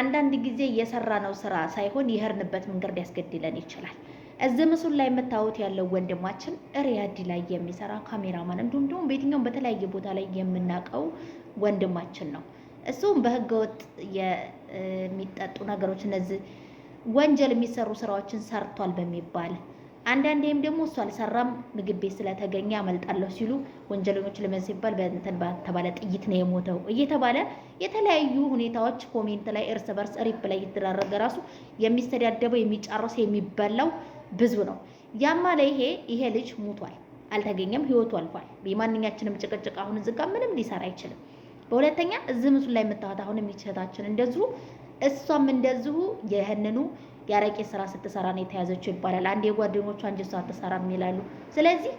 አንዳንድ ጊዜ ነው ስራ ሳይሆን የሄርንበት መንገድ ሊያስገድለን ይችላል። እዚህ ምስሉ ላይ የምታዩት ያለው ወንድማችን ሪያድ ላይ የሚሰራ ካሜራማን እንዲሁም ደግሞ በየትኛውም በተለያየ ቦታ ላይ የምናውቀው ወንድማችን ነው። እሱም በህገወጥ የሚጠጡ ነገሮች እነዚህ ወንጀል የሚሰሩ ስራዎችን ሰርቷል በሚባል አንዳንዴም ደግሞ እሱ አልሰራም ምግብ ቤት ስለተገኘ አመልጣለሁ ሲሉ ወንጀለኞች ለመን ሲባል በእንትን ባልተባለ ጥይት ነው የሞተው እየተባለ የተለያዩ ሁኔታዎች ኮሜንት ላይ እርስ በርስ ሪፕ ላይ እየተደራረገ ራሱ የሚስተዳደበው የሚጨርስ የሚበላው ብዙ ነው። ያማ ላይ ይሄ ይሄ ልጅ ሙቷል፣ አልተገኘም፣ ህይወቱ አልፏል። የማንኛችንም ጭቅጭቅ አሁን እዚህ ጋር ምንም ሊሰራ አይችልም። በሁለተኛ እዚህ ምስሉ ላይ የምታዩት አሁን የሚችታችን እንደዚሁ እሷም እንደዚሁ ይህንኑ የአረቄ ስራ ስትሰራ ነው የተያዘችው ይባላል። አንድ የጓደኞቿ እንጂ እሷ አትሰራም ይላሉ። ስለዚህ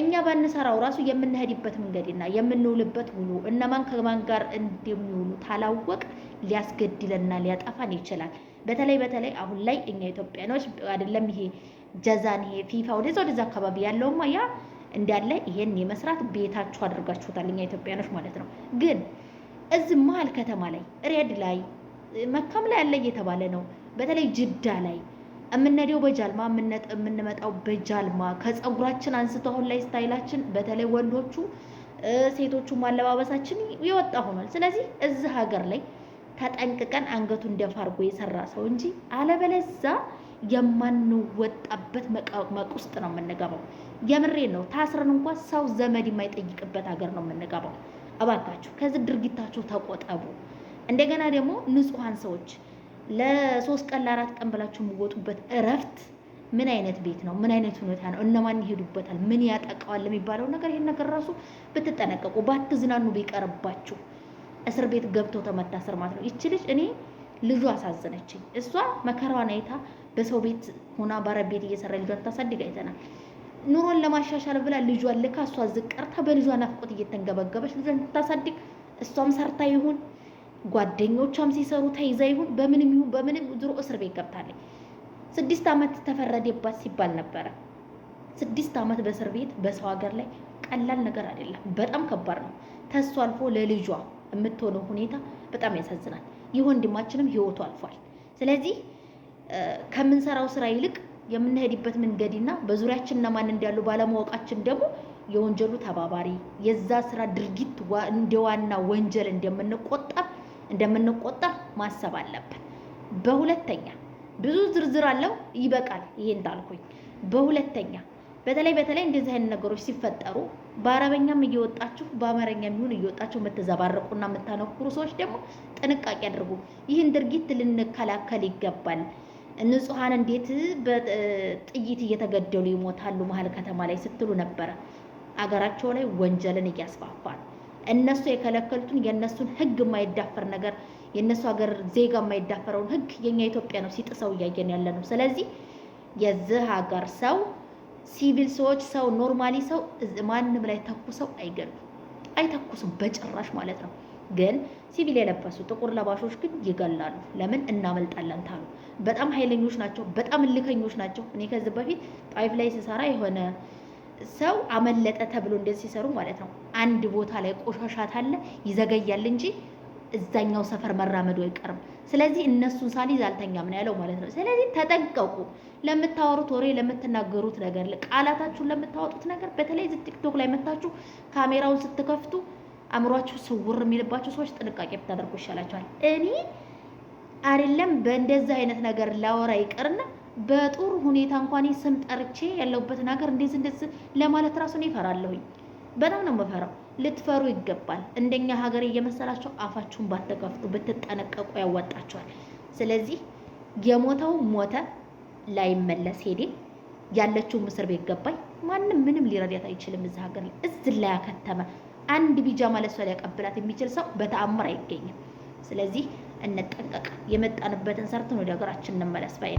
እኛ ባንሰራው ራሱ የምንሄድበት መንገድና የምንውልበት ውሎ እነማን ከማን ጋር እንደሚውሉ ታላወቅ ሊያስገድለና ሊያጠፋን ይችላል። በተለይ በተለይ አሁን ላይ እኛ ኢትዮጵያኖች አይደለም ይሄ ጀዛን ይሄ ፊፋ ወደዛ ወደዛ አካባቢ ያለውማ ያ እንዳለ ይሄን የመስራት ቤታችሁ አድርጋችሁታል። እኛ ኢትዮጵያኖች ማለት ነው። ግን እዚህ መሀል ከተማ ላይ ሬድ ላይ መካም ላይ ያለ እየተባለ ነው በተለይ ጅዳ ላይ የምንሄደው በጃልማ የምንመጣው በጃልማ ከፀጉራችን አንስቶ አሁን ላይ ስታይላችን በተለይ ወንዶቹ ሴቶቹ ማለባበሳችን የወጣ ሆኗል። ስለዚህ እዚህ ሀገር ላይ ተጠንቅቀን አንገቱን እንደፋርጎ የሰራ ሰው እንጂ አለበለዛ የማንወጣበት መቅ ውስጥ ነው የምንገባው። የምሬ ነው። ታስረን እንኳን ሰው ዘመድ የማይጠይቅበት ሀገር ነው የምንገባው። እባካችሁ ከዚህ ድርጊታችሁ ተቆጠቡ። እንደገና ደግሞ ንጹሐን ሰዎች ለሶስት ቀን ለአራት ቀን ብላችሁ የምወጡበት እረፍት ምን አይነት ቤት ነው? ምን አይነት ሁኔታ ነው? እነማን ይሄዱበታል? ምን ያጠቃዋል? የሚባለው ነገር ይሄን ነገር ራሱ ብትጠነቀቁ፣ ባትዝናኑ፣ ቢቀርባችሁ እስር ቤት ገብቶ ተመታሰር ማለት ነው። ይቺ ልጅ እኔ ልጇ አሳዘነችኝ። እሷ መከራዋን አይታ በሰው ቤት ሆና ባረብ ቤት እየሰራ ልጇን ታሳድግ አይተናል። ኑሮን ለማሻሻል ብላ ልጇን ልካ እሷ ዝቅርታ ቀርታ በልጇ ናፍቆት እየተንገበገበች ልጇን ታሳድግ እሷም ሰርታ ይሁን ጓደኞቿም ሲሰሩ ተይዛ ይሁን በምንም ይሁን በምንም ድሮ እስር ቤት ገብታለች። ስድስት ዓመት ተፈረደባት ሲባል ነበረ። ስድስት ዓመት በእስር ቤት በሰው ሀገር ላይ ቀላል ነገር አይደለም፣ በጣም ከባድ ነው። ተሱ አልፎ ለልጇ የምትሆነው ሁኔታ በጣም ያሳዝናል። ይህ ወንድማችንም ህይወቱ አልፏል። ስለዚህ ከምንሰራው ስራ ይልቅ የምንሄድበት መንገድና በዙሪያችን እነማን እንዳሉ ባለማወቃችን ደግሞ የወንጀሉ ተባባሪ የዛ ስራ ድርጊት እንደ ዋና ወንጀል እንደምንቆጠር እንደምንቆጠብ ማሰብ አለብን። በሁለተኛ ብዙ ዝርዝር አለው ይበቃል። ይሄን ታልኩኝ። በሁለተኛ በተለይ በተለይ እንደዚህ አይነት ነገሮች ሲፈጠሩ በአረበኛም እየወጣችሁ በአማረኛ ይሁን እየወጣችሁ የምትዘባረቁና የምታነኩሩ ሰዎች ደግሞ ጥንቃቄ አድርጉ። ይህን ድርጊት ልንከላከል ይገባል። ንጹሐን እንዴት በጥይት እየተገደሉ ይሞታሉ መሀል ከተማ ላይ ስትሉ ነበረ። አገራቸው ላይ ወንጀልን እያስፋፋል እነሱ የከለከሉትን የእነሱን ህግ የማይዳፈር ነገር የእነሱ ሀገር ዜጋ የማይዳፈረውን ህግ የኛ ኢትዮጵያ ነው ሲጥሰው እያየን ያለ ነው። ስለዚህ የዚህ ሀገር ሰው ሲቪል ሰዎች ሰው ኖርማሊ ሰው ማንም ላይ ተኩሰው አይገሉም፣ አይተኩሱም በጭራሽ ማለት ነው። ግን ሲቪል የለበሱ ጥቁር ለባሾች ግን ይገላሉ። ለምን እናመልጣለን ታሉ። በጣም ኃይለኞች ናቸው። በጣም እልከኞች ናቸው። እኔ ከዚህ በፊት ጣይፍ ላይ ስሰራ የሆነ ሰው አመለጠ ተብሎ እንደዚህ ሲሰሩ ማለት ነው። አንድ ቦታ ላይ ቆሻሻ ታለ ይዘገያል እንጂ እዛኛው ሰፈር መራመዱ አይቀርም። ስለዚህ እነሱን ሳሊዝ አልተኛም ነው ያለው ማለት ነው። ስለዚህ ተጠንቀቁ፣ ለምታወሩት ወሬ፣ ለምትናገሩት ነገር፣ ቃላታችሁን ለምታወጡት ነገር። በተለይ ቲክቶክ ላይ መታችሁ ካሜራውን ስትከፍቱ አእምሯችሁ ስውር የሚልባችሁ ሰዎች ጥንቃቄ ብታደርጉ ይሻላችኋል። እኔ አይደለም በእንደዚህ አይነት ነገር ላወራ ይቅርና በጥሩ ሁኔታ እንኳን ስም ጠርቼ ያለሁበትን ሀገር እንደዚህ እንደዚህ ለማለት ራሱን ይፈራልሁኝ በጣም ነው የምፈራው። ልትፈሩ ይገባል። እንደኛ ሀገር እየመሰላቸው አፋችሁን ባትከፍቱ ብትጠነቀቁ ያዋጣችኋል። ስለዚህ የሞተው ሞተ፣ ላይመለስ ሄዴ፣ ያለችው እስር ቤት ገባኝ። ማንም ምንም ሊረዳት አይችልም። እዚህ ሀገር ላይ ላይ አከተመ አንድ ቢጃማ ለሷ ሊያቀብላት የሚችል ሰው በተአምር አይገኝም። ስለዚህ እንጠንቀቅ። የመጣንበትን ሰርተን ወደ ሀገራችን እንመለስ ባይ